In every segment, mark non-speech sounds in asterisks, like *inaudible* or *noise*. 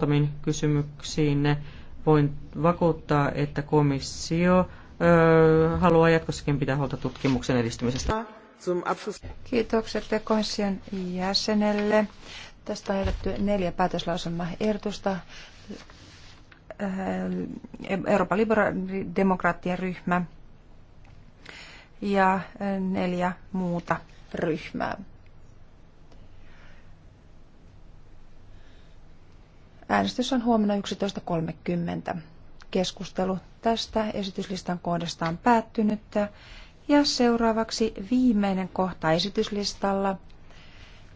muutamiin kysymyksiin. Voin vakuuttaa, että komissio ö, haluaa jatkossakin pitää huolta tutkimuksen edistymisestä. Kiitokset komission jäsenelle. Tästä on jätetty neljä päätöslauselmaehdotusta. Euroopan liberaalidemokraattien ryhmä ja neljä muuta ryhmää. Äänestys on huomenna 11.30. Keskustelu tästä esityslistan kohdasta on päättynyt. Ja seuraavaksi viimeinen kohta esityslistalla.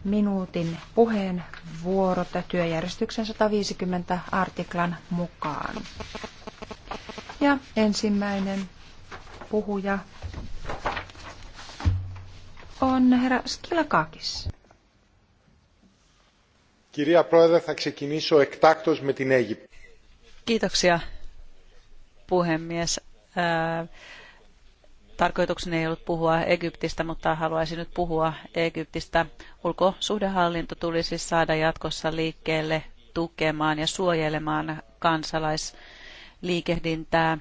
Minuutin puheen vuorot työjärjestyksen 150 artiklan mukaan. Ja ensimmäinen puhuja on herra Skilakakis. Κυρία Πρόεδρε, θα ξεκινήσω εκτάκτως με την Αίγυπτο. Kiitoksia, puhemies. Tarkoitukseni ei ollut puhua Egyptistä, mutta haluaisin nyt puhua Egyptistä. Ulkosuhdehallinto tulisi saada jatkossa liikkeelle tukemaan ja suojelemaan kansalaisliikehdintää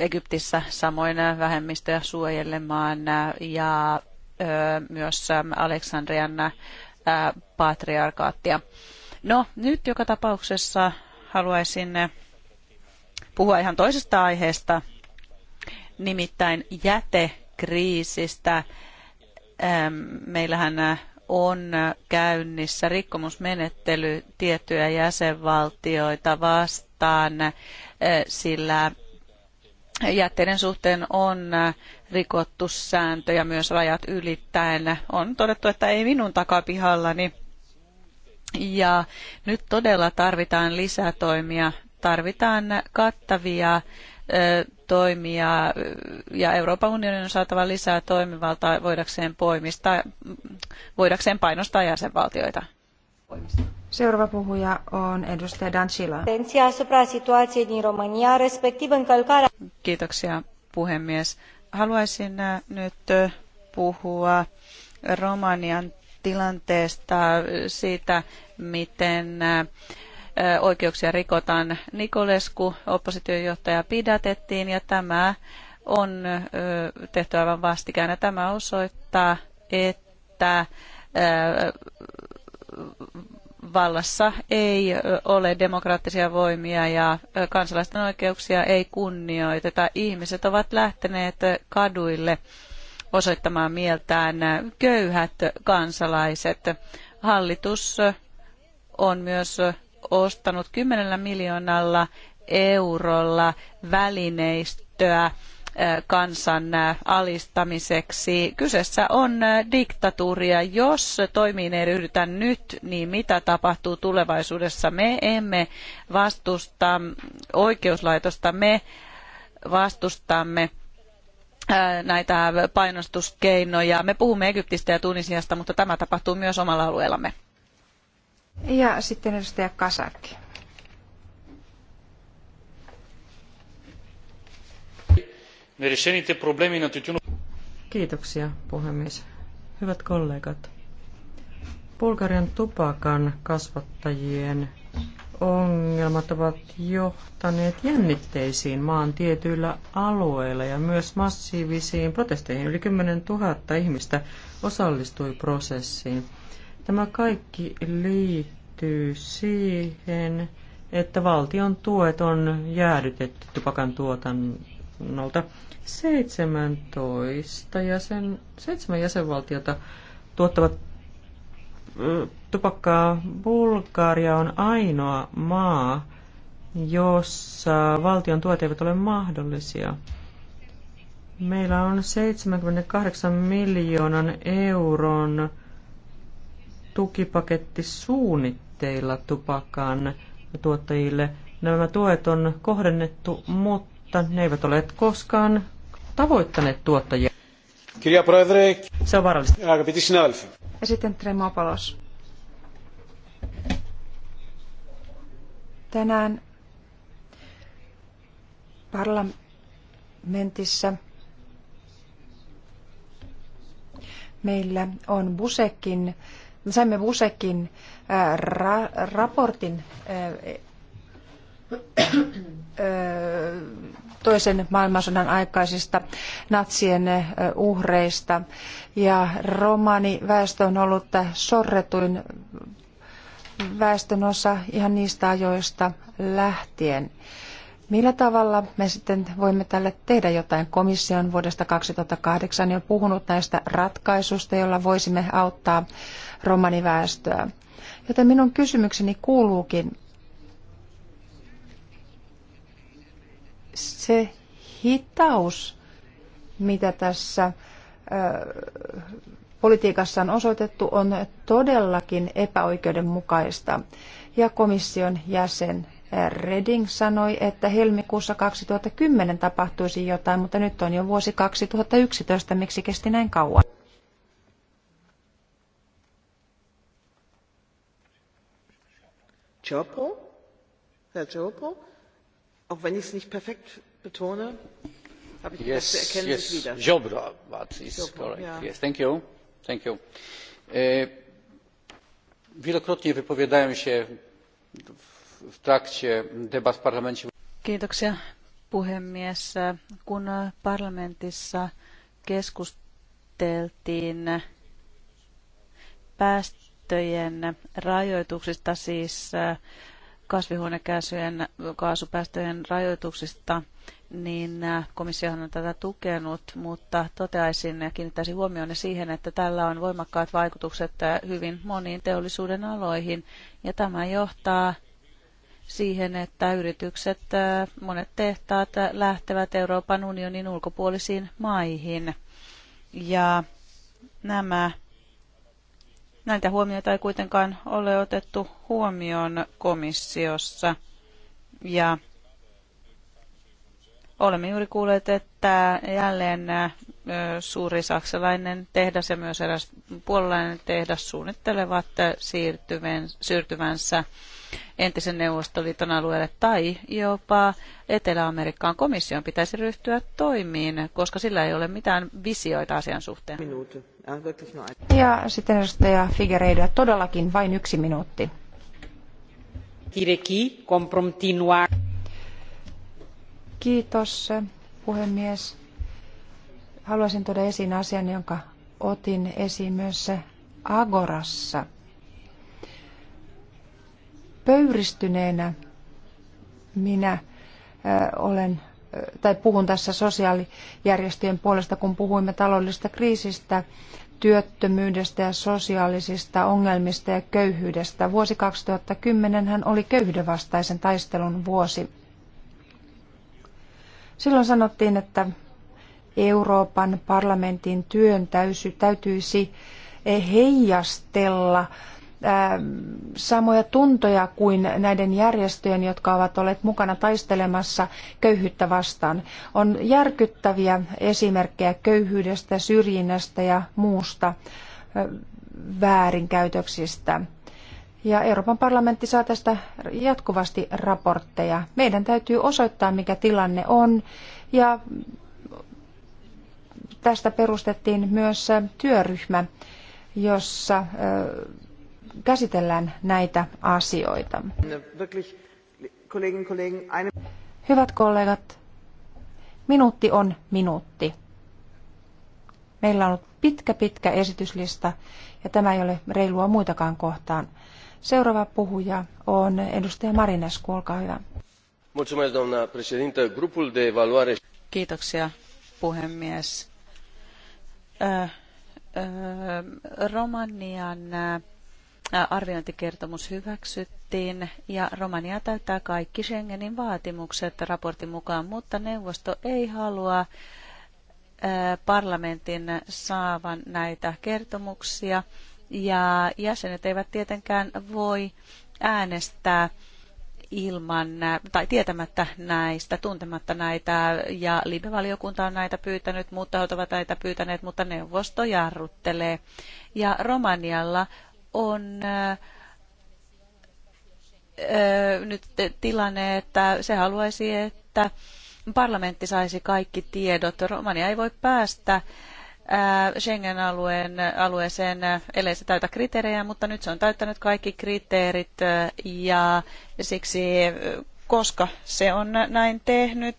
Egyptissä, samoin vähemmistöjä suojelemaan ja myös Aleksandrian patriarkaattia. No nyt joka tapauksessa haluaisin puhua ihan toisesta aiheesta, nimittäin jätekriisistä. Meillähän on käynnissä rikkomusmenettely tiettyjä jäsenvaltioita vastaan, sillä jätteiden suhteen on rikottu sääntöjä myös rajat ylittäen. On todettu, että ei minun takapihallani. Ja nyt todella tarvitaan lisätoimia, tarvitaan kattavia toimia ja Euroopan unionin on saatava lisää toimivaltaa voidakseen, poimista, voidakseen painostaa jäsenvaltioita. Seuraava puhuja on edustaja Dancila. Kiitoksia puhemies. Haluaisin äh, nyt äh, puhua Romanian tilanteesta, äh, siitä miten oikeuksia rikotaan. Nikolesku, oppositiojohtaja, pidätettiin ja tämä on tehty aivan vastikään. Ja tämä osoittaa, että vallassa ei ole demokraattisia voimia ja kansalaisten oikeuksia ei kunnioiteta. Ihmiset ovat lähteneet kaduille osoittamaan mieltään köyhät kansalaiset. Hallitus on myös ostanut kymmenellä miljoonalla eurolla välineistöä kansan alistamiseksi. Kyseessä on diktatuuri ja jos toimiin ei ryhdytä nyt, niin mitä tapahtuu tulevaisuudessa? Me emme vastusta oikeuslaitosta, me vastustamme näitä painostuskeinoja. Me puhumme Egyptistä ja Tunisiasta, mutta tämä tapahtuu myös omalla alueellamme. Ja sitten edustaja Kasakki. проблеми на Kiitoksia, puhemies. Hyvät kollegat. Bulgarian tupakan kasvattajien ongelmat ovat johtaneet jännitteisiin maan tietyillä alueilla ja myös massiivisiin protesteihin. Yli 10 000 ihmistä osallistui prosessiin. Tämä kaikki liittyy siihen, että valtion tuet on jäädytetty tupakan tuotan, lausunnolta. 17 jäsen, 7 jäsenvaltiota tuottavat tupakkaa. Bulgaria on ainoa maa, jossa valtion tuet eivät ole mahdollisia. Meillä on 78 miljoonan euron tukipaketti suunnitteilla tupakan tuottajille. Nämä tuet on kohdennettu, mutta mutta ne eivät ole koskaan tavoittaneet tuottajia. Kirja Proedre. Se on vaarallista. Ja sitten Tremopolos. Tänään parlamentissa meillä on Busekin, saimme Busekin ää, äh, ra, raportin ää, äh, toisen maailmansodan aikaisista natsien uhreista. Ja romaniväestö on ollut sorretuin väestönosa ihan niistä ajoista lähtien. Millä tavalla me sitten voimme tälle tehdä jotain? Komissio on vuodesta 2008 jo puhunut näistä ratkaisuista, joilla voisimme auttaa romaniväestöä. Joten minun kysymykseni kuuluukin, se hitaus, mitä tässä politiikassa on osoitettu, on todellakin epäoikeudenmukaista. Ja komission jäsen Reding sanoi, että helmikuussa 2010 tapahtuisi jotain, mutta nyt on jo vuosi 2011. Miksi kesti näin kauan? Chopo, Herr Chopo auch wenn ich es nicht perfekt betone, habe ich yes, gedacht, Sie erkennen sich wieder. Jobra, uh, but it's correct. thank you. Thank you. E, wielokrotnie wypowiadałem się w trakcie debat w parlamencie. Kiitoksia puhemies. Kun parlamentissa keskusteltiin päästöjen rajoituksista, siis kasvihuonekaasujen kaasupäästöjen rajoituksista, niin äh, komissiohan on tätä tukenut, mutta toteaisin ja kiinnittäisin huomioon siihen, että tällä on voimakkaat vaikutukset äh, hyvin moniin teollisuuden aloihin, ja tämä johtaa siihen, että yritykset, äh, monet tehtaat lähtevät Euroopan unionin ulkopuolisiin maihin. Ja nämä Näitä huomioita ei kuitenkaan ole otettu huomioon komissiossa. Ja olemme juuri kuulleet, että jälleen äh, suuri saksalainen tehdas ja myös eräs puolalainen tehdas suunnittelevat äh, siirtyvänsä entisen Neuvostoliiton alueelle tai jopa Etelä-Amerikkaan komission pitäisi ryhtyä toimiin, koska sillä ei ole mitään visioita asian suhteen. Äh, ja sitten edustaja Figueiredo, todellakin vain yksi minuutti. Kiitos puhemies. Haluaisin tuoda esiin asian, jonka otin esiin myös Agorassa – pöyristyneenä minä olen tai puhun tässä sosiaalijärjestöjen puolesta, kun puhuimme taloudellisesta kriisistä, työttömyydestä ja sosiaalisista ongelmista ja köyhyydestä. Vuosi 2010 hän oli köyhyydenvastaisen taistelun vuosi. Silloin sanottiin, että Euroopan parlamentin työn täytyisi heijastella Ähm, samoja tuntoja kuin näiden järjestöjen, jotka ovat olleet mukana taistelemassa köyhyyttä vastaan. On järkyttäviä esimerkkejä köyhyydestä, syrjinnästä ja muusta äh, väärinkäytöksistä. Ja Euroopan parlamentti saa tästä jatkuvasti raportteja. Meidän täytyy osoittaa, mikä tilanne on. Ja tästä perustettiin myös työryhmä, jossa äh, käsitellään näitä asioita. Hyvät kollegat, minuutti on minuutti. Meillä on ollut pitkä, pitkä esityslista ja tämä ei ole reilua muitakaan kohtaan. Seuraava puhuja on edustaja Marinescu, olkaa hyvä. Kiitoksia puhemies. Romanian arviointikertomus hyväksyttiin ja Romania täyttää kaikki Schengenin vaatimukset raportin mukaan, mutta neuvosto ei halua parlamentin saavan näitä kertomuksia ja jäsenet eivät tietenkään voi äänestää ilman tai tietämättä näistä, tuntematta näitä ja libevaliokunta on näitä pyytänyt, muut tahot ovat näitä pyytäneet, mutta neuvosto jarruttelee. Ja Romanialla on nyt tilanne, että se haluaisi, että parlamentti saisi kaikki tiedot. Romania ei voi päästä Schengen-alueen alueeseen, ellei se täytä kriteerejä, mutta nyt se on täyttänyt kaikki kriteerit ja siksi koska se on näin tehnyt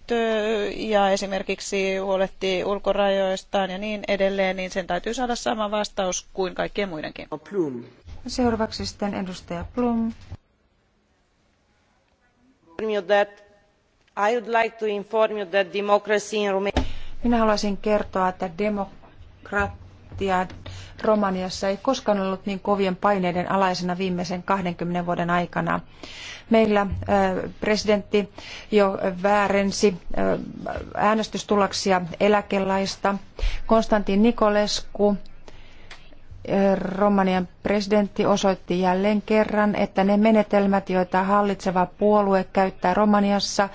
ja esimerkiksi huolehtii ulkorajoistaan ja niin edelleen, niin sen täytyy saada sama vastaus kuin kaikkien muidenkin. Seuraavaksi sitten edustaja Minä haluaisin kertoa, että demokratia Romaniassa ei koskaan ollut niin kovien paineiden alaisena viimeisen 20 vuoden aikana. Meillä presidentti jo väärensi äänestystuloksia eläkelaista. Konstantin Nikolesku Romanian presidentti osoitti jälleen kerran, että ne menetelmät, joita hallitseva puolue käyttää Romaniassa,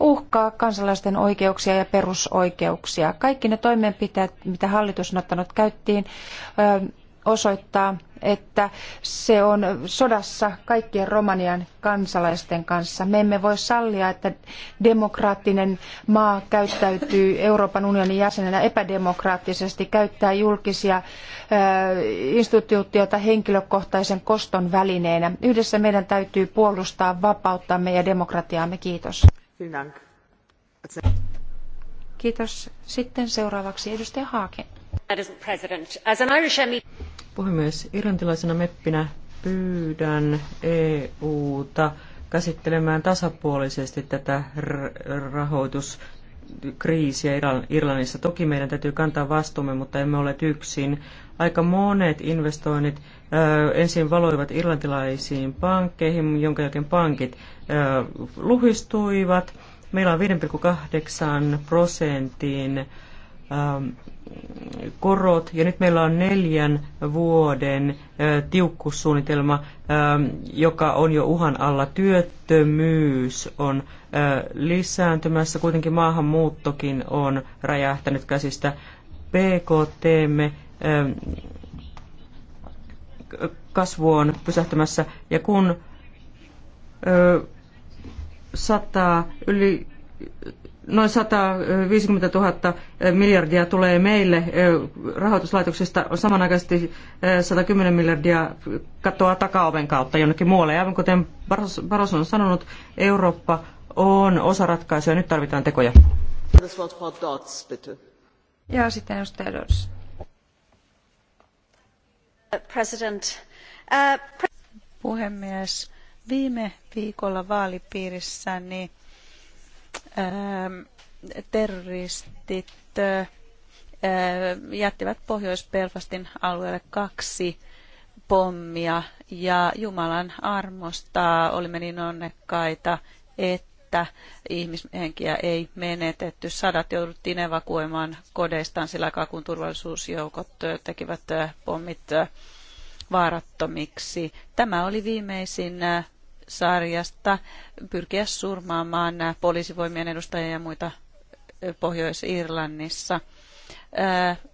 uhkaa kansalaisten oikeuksia ja perusoikeuksia. Kaikki ne toimenpiteet, mitä hallitus on ottanut käyttiin, osoittaa, että se on sodassa kaikkien Romanian kansalaisten kanssa. Me emme voi sallia, että demokraattinen maa käyttäytyy Euroopan unionin jäsenenä epädemokraattisesti, käyttää julkisia instituutioita henkilökohtaisen koston välineenä. Yhdessä meidän täytyy puolustaa vapauttamme ja demokratiaamme. Kiitos. Kiitos. Sitten seuraavaksi edustaja Haaken. Puhemies, irlantilaisena meppinä pyydän EUta käsittelemään tasapuolisesti tätä rahoitus Irlannissa. Toki meidän täytyy kantaa vastuumme, mutta emme ole yksin. Aika monet investoinnit ensin valoivat irlantilaisiin pankkeihin, jonka jälkeen pankit luhistuivat. Meillä on 5,8 prosentin Ähm, korot ja nyt meillä on neljän vuoden tiukkussuunnitelma, ähm, joka on jo uhan alla. Työttömyys on lisääntymässä, kuitenkin maahanmuuttokin on räjähtänyt käsistä. PKTmme ähm, kasvu on pysähtymässä ja kun sataa yli noin 150 000 eh, miljardia tulee meille eh, rahoituslaitoksista, samanaikaisesti 110 eh, miljardia katoaa takaoven kautta jonnekin muualle. Ja aivan kuten Baros on sanonut, Eurooppa on osa ratkaisua ja nyt tarvitaan tekoja. Ja sitten uh, Puhemies, viime viikolla vaalipiirissäni niin Ähm, terroristit äh, jättivät Pohjois-Belfastin alueelle kaksi pommia ja Jumalan armosta olimme niin onnekkaita, että ihmishenkiä ei menetetty. Sadat jouduttiin evakuoimaan kodeistaan sillä aikaa, kun turvallisuusjoukot äh, tekivät äh, pommit vaarattomiksi. Tämä oli viimeisin sarjasta pyrkiä surmaamaan poliisivoimien edustajia ja muita Pohjois-Irlannissa.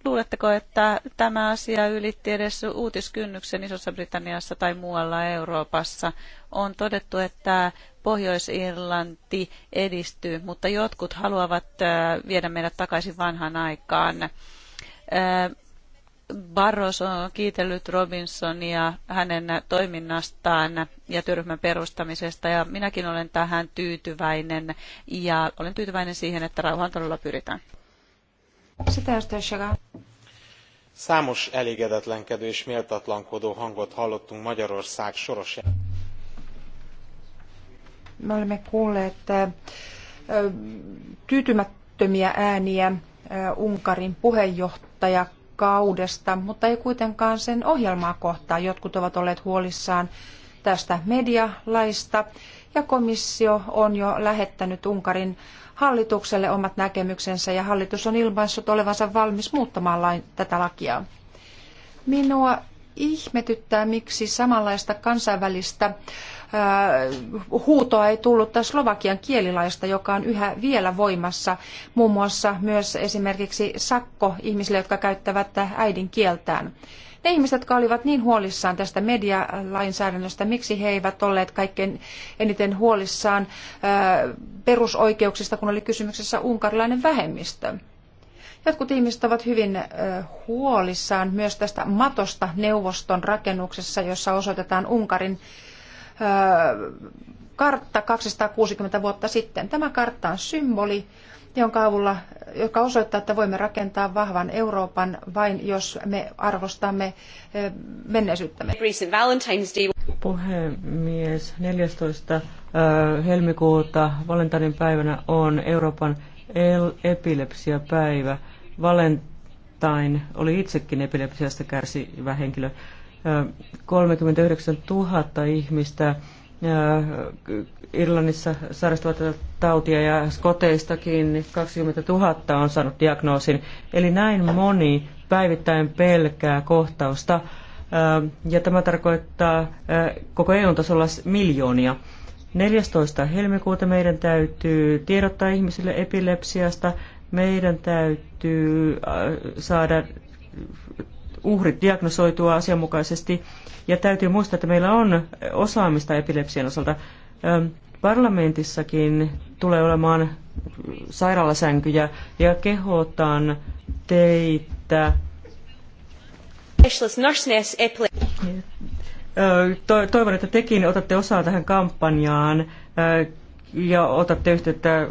Luuletteko, että tämä asia ylitti edes uutiskynnyksen Isossa Britanniassa tai muualla Euroopassa? On todettu, että Pohjois-Irlanti edistyy, mutta jotkut haluavat viedä meidät takaisin vanhaan aikaan. Barroso on kiitellyt Robinsonia hänen toiminnastaan ja työryhmän perustamisesta ja minäkin olen tähän tyytyväinen ja olen tyytyväinen siihen, että rauhaan todella pyritään. Számos elégedetlenkedő és méltatlankodó hangot hallottunk Magyarország soros... Me olemme kuulleet tyytymättömiä ääniä Unkarin puheenjohtajaksi kaudesta, mutta ei kuitenkaan sen ohjelmaa kohtaan. Jotkut ovat olleet huolissaan tästä medialaista ja komissio on jo lähettänyt Unkarin hallitukselle omat näkemyksensä ja hallitus on ilmaissut olevansa valmis muuttamaan lain, tätä lakia. Minua ihmetyttää, miksi samanlaista kansainvälistä huutoa ei tullut slovakian kielilaista, joka on yhä vielä voimassa, muun muassa myös esimerkiksi sakko ihmisille, jotka käyttävät äidinkieltään. Ne ihmiset, jotka olivat niin huolissaan tästä medialainsäädännöstä, miksi he eivät olleet kaikkein eniten huolissaan perusoikeuksista, kun oli kysymyksessä unkarilainen vähemmistö? Jotkut ihmiset ovat hyvin huolissaan myös tästä matosta neuvoston rakennuksessa, jossa osoitetaan Unkarin kartta 260 vuotta sitten. Tämä kartta on symboli, jonka avulla, joka osoittaa, että voimme rakentaa vahvan Euroopan vain, jos me arvostamme menneisyyttämme. Puhemies, 14. helmikuuta Valentainin päivänä on Euroopan epilepsiapäivä. Valentain oli itsekin epilepsiasta kärsivä henkilö. 39 000 ihmistä Irlannissa sairastuvat tautia ja Skoteistakin 20 000 on saanut diagnoosin. Eli näin moni päivittäin pelkää kohtausta ja tämä tarkoittaa koko EU-tasolla miljoonia. 14. helmikuuta meidän täytyy tiedottaa ihmisille epilepsiasta, meidän täytyy saada uhrit diagnosoitua asianmukaisesti. Ja täytyy muistaa, että meillä on osaamista epilepsian osalta. Parlamentissakin tulee olemaan sairaalasänkyjä ja kehotan teitä Toivon, että tekin otatte osaa tähän kampanjaan ja otatte yhteyttä,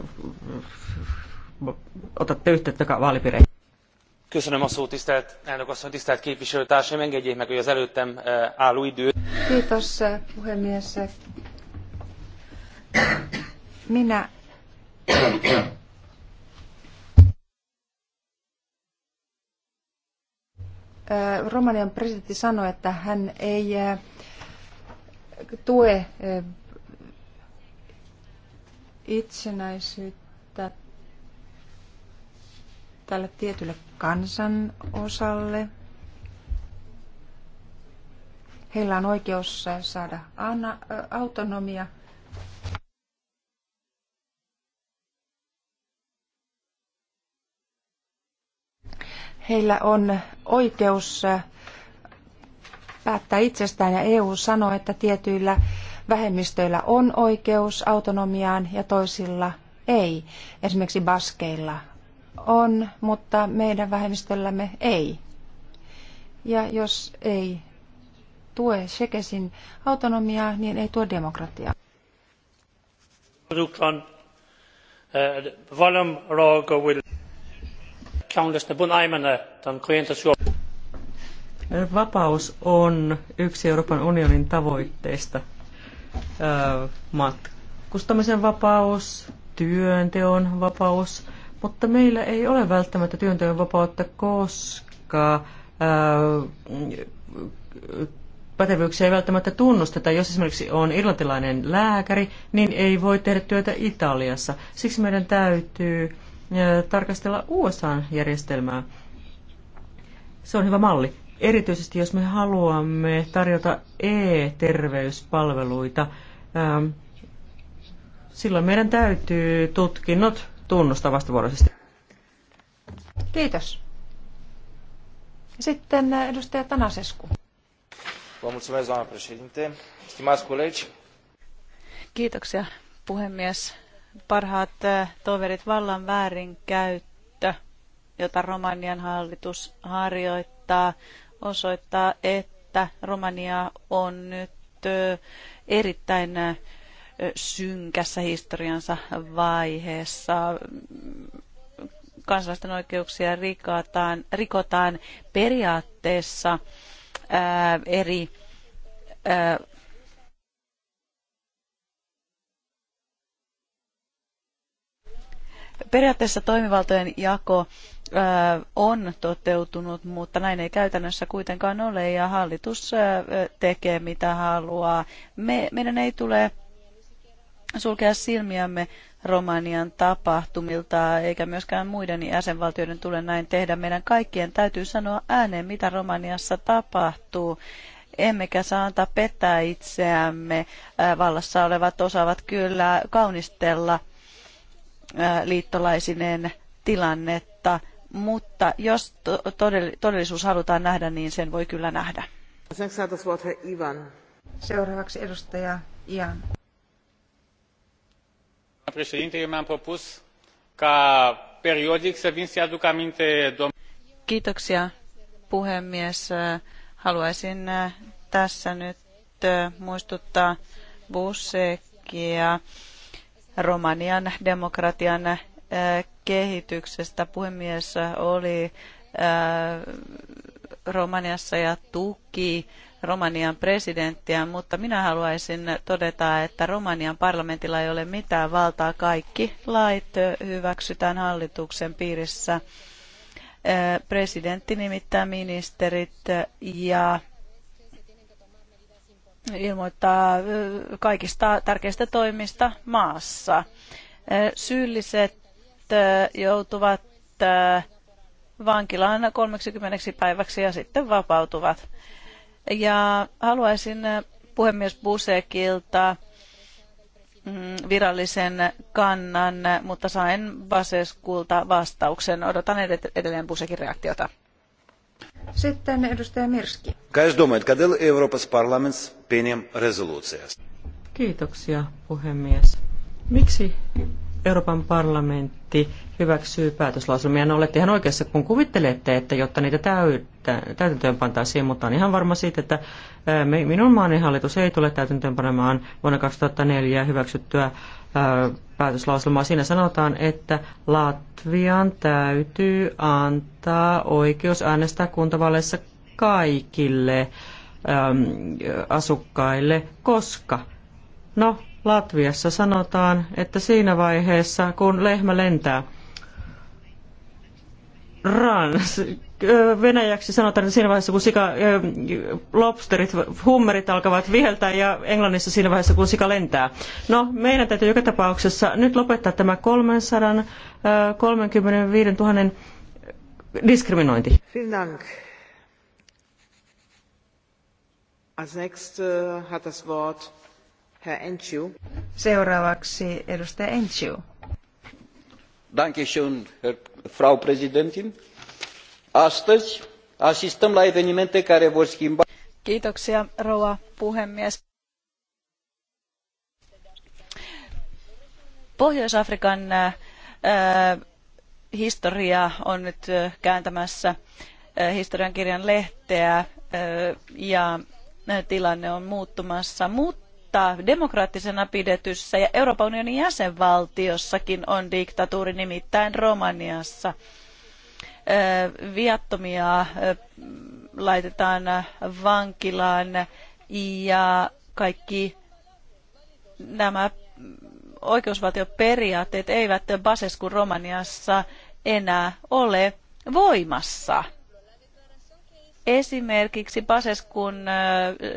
otatte yhteyttä vaalipiireihin tisztelt elnök asszony tisztelt képviselőtársaim engedjék meg hogy az előttem eh, álló időt. Eh, minä eh, romanian presidentti sanoi että hän ei tue itsenäisyyttä tälle tietylle kansan osalle. Heillä on oikeus saada autonomia heillä on oikeus päättää itsestään ja EU sanoo, että tietyillä vähemmistöillä on oikeus autonomiaan ja toisilla ei. Esimerkiksi baskeilla on, mutta meidän vähemmistöllämme ei. Ja jos ei tue Shekesin autonomiaa, niin ei tuo demokratiaa. Eh, vapaus on yksi Euroopan unionin tavoitteista. Eh, matkustamisen vapaus, työnteon vapaus, mutta meillä ei ole välttämättä työntöön vapautta, koska ää, äh, pätevyyksiä ei välttämättä tunnusteta. Jos esimerkiksi on irlantilainen lääkäri, niin ei voi tehdä työtä Italiassa. Siksi meidän täytyy ää, äh, tarkastella USA-järjestelmää. Se on hyvä malli. Erityisesti jos me haluamme tarjota e-terveyspalveluita, ää, ähm, silloin meidän täytyy tutkinnot tunnustaa vastavuoroisesti. Kiitos. Sitten äh, edustaja Tanasesku. Kiitoksia, puhemies. Parhaat äh, toverit vallan väärinkäyttö, jota Romanian hallitus harjoittaa, osoittaa, että Romania on nyt äh, erittäin synkässä historiansa vaiheessa. Kansalaisten oikeuksia rikotaan, rikotaan periaatteessa ää, eri ää, periaatteessa toimivaltojen jako on toteutunut, mutta näin ei käytännössä kuitenkaan ole ja hallitus tekee mitä haluaa. Me, meidän ei tule sulkea silmiämme Romanian tapahtumilta, eikä myöskään muiden jäsenvaltioiden tule näin tehdä. Meidän kaikkien täytyy sanoa ääneen, mitä Romaniassa tapahtuu. Emmekä saa antaa pettää itseämme. Vallassa olevat osaavat kyllä kaunistella liittolaisineen tilannetta, mutta jos todellisuus halutaan nähdä, niin sen voi kyllä nähdä. Seuraavaksi edustaja Ian eu mi am propus ca periodic să vin să i aduc aminte Kiitoksia puhemies. Haluaisin tässä nyt muistuttaa Busekia Romanian demokratian eh, kehityksestä. Puhemies oli eh, Romaniassa ja tuki Romanian presidenttiä, mutta minä haluaisin todeta, että Romanian parlamentilla ei ole mitään valtaa. Kaikki lait hyväksytään hallituksen piirissä. Presidentti nimittää ministerit ja ilmoittaa kaikista tärkeistä toimista maassa. Syylliset joutuvat vankilaan 30 päiväksi ja sitten vapautuvat. Ja haluaisin äh, puhemies Busekilta mm, virallisen kannan, mutta sain Baseskulta vastauksen. Odotan edelleen Busekin reaktiota. Sitten edustaja Mirski. Kiitoksia puhemies. Miksi Euroopan parlamentti hyväksyy päätöslauselmia. No olette ihan oikeassa, kun kuvittelette, että jotta niitä täyttä, täytäntöön pantaisiin, mutta on ihan varma siitä, että minun maani hallitus ei tule täytäntöön panemaan vuonna 2004 hyväksyttyä päätöslauselmaa. Siinä sanotaan, että Latvian täytyy antaa oikeus äänestää kuntavaaleissa kaikille asukkaille, koska no Latviassa sanotaan, että siinä vaiheessa, kun lehmä lentää, Rans. Venäjäksi sanotaan, että siinä vaiheessa kun sika, lobsterit, hummerit alkavat viheltää ja Englannissa siinä vaiheessa kun sika lentää. No, meidän täytyy joka tapauksessa nyt lopettaa tämä 335 000 diskriminointi. Als nächste hat das Wort Herr Enchu. Seuraavaksi edustaja Enchu. Danke schön, Frau Präsidentin. Astăzi asistăm la evenimente care vor schimba... Kiitoksia, rouva puhemies. Pohjois-Afrikan äh, äh, historia on nyt äh, kääntämässä historiankirjan lehteä ja tilanne on muuttumassa. Mutta mutta demokraattisena pidetyssä ja Euroopan unionin jäsenvaltiossakin on diktatuuri, nimittäin Romaniassa. Viattomia laitetaan vankilaan ja kaikki nämä oikeusvaltioperiaatteet eivät Baseskun Romaniassa enää ole voimassa. Esimerkiksi Baseskun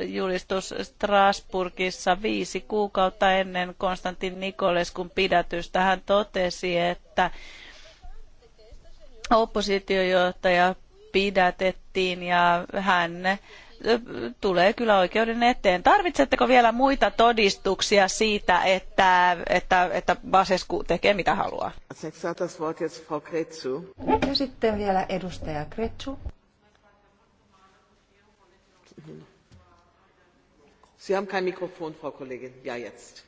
julistus Strasburgissa viisi kuukautta ennen Konstantin Nikoleskun pidätystä hän totesi, että oppositiojohtaja pidätettiin ja hän tulee kyllä oikeuden eteen. Tarvitsetteko vielä muita todistuksia siitä, että, että, että Basescu tekee mitä haluaa? Ja sitten vielä edustaja Kretsu. Mhm. Sie haben kein Mikrofon, Frau Kollegin. Ja, jetzt.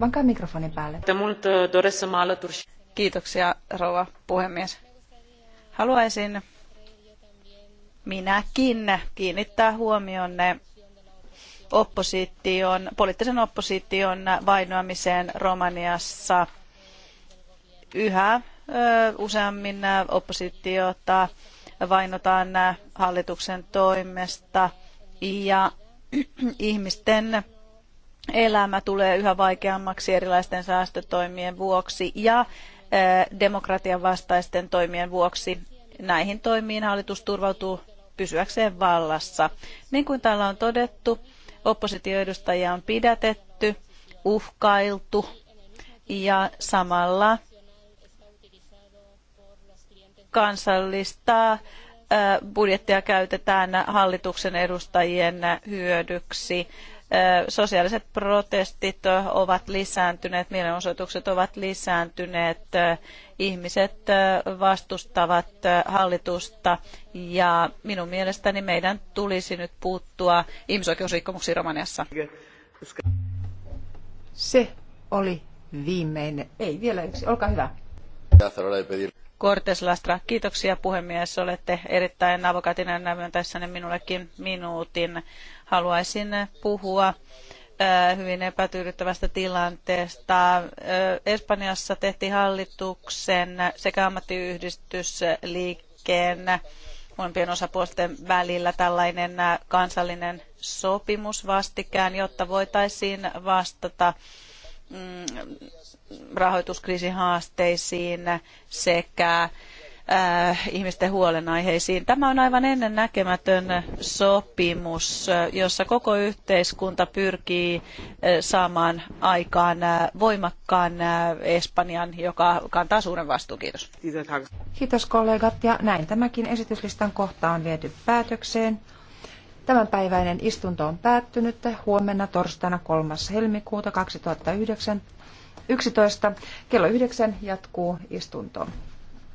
Vankaan mikrofonin päälle. Uh, Kiitoksia, rouva puhemies. Haluaisin minäkin kiinnittää huomionne opposition, poliittisen opposition vainoamiseen Romaniassa. Yhä ö, useammin oppositiota vainotaan äh, hallituksen toimesta ja *clears throat* ihmisten elämä tulee yhä vaikeammaksi erilaisten säästötoimien vuoksi ja äh, demokratian vastaisten toimien vuoksi. Näihin toimiin hallitus turvautuu pysyäkseen vallassa. Niin kuin täällä on todettu, oppositioedustajia on pidätetty, uhkailtu ja samalla kansallista budjettia käytetään hallituksen edustajien hyödyksi. Sosiaaliset protestit ovat lisääntyneet, mielenosoitukset ovat lisääntyneet, ihmiset vastustavat hallitusta ja minun mielestäni meidän tulisi nyt puuttua ihmisoikeusrikkomuksiin Romaniassa. Se oli viimeinen. Ei vielä yksi. Olkaa hyvä. Cortes Lastra, kiitoksia puhemies. Olette erittäin avokatinen näin minullekin minuutin. Haluaisin puhua äh, hyvin epätyydyttävästä tilanteesta. Äh, Espanjassa tehtiin hallituksen sekä ammattiyhdistysliikkeen molempien osapuolten välillä tällainen äh, kansallinen sopimus vastikään, jotta voitaisiin vastata mm, rahoituskriisihaasteisiin sekä äh, ihmisten huolenaiheisiin. Tämä on aivan ennennäkemätön sopimus, jossa koko yhteiskunta pyrkii äh, saamaan aikaan äh, voimakkaan Espanjan, joka kantaa suuren vastuun. Kiitos. Kiitos kollegat ja näin tämäkin esityslistan kohta on viety päätökseen. Tämänpäiväinen istunto on päättynyt huomenna torstaina 3. helmikuuta 2019. 11. Kello 9 jatkuu istunto.